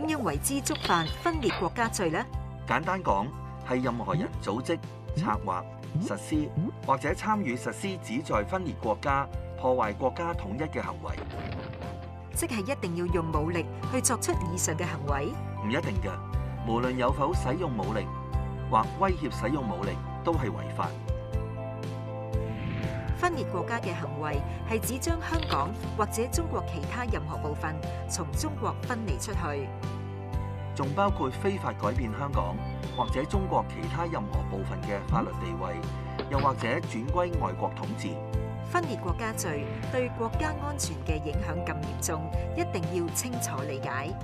點樣為之觸犯分裂國家罪呢？簡單講，係任何人組織、策劃、實施或者參與實施旨在分裂國家、破壞國家統一嘅行為，即係一定要用武力去作出以上嘅行為？唔一定嘅。無論有否使用武力或威脅使用武力，都係違法。分裂國家嘅行為係指將香港或者中國其他任何部分從中國分離出去，仲包括非法改變香港或者中國其他任何部分嘅法律地位，又或者轉歸外國統治。分裂國家罪對國家安全嘅影響咁嚴重，一定要清楚理解。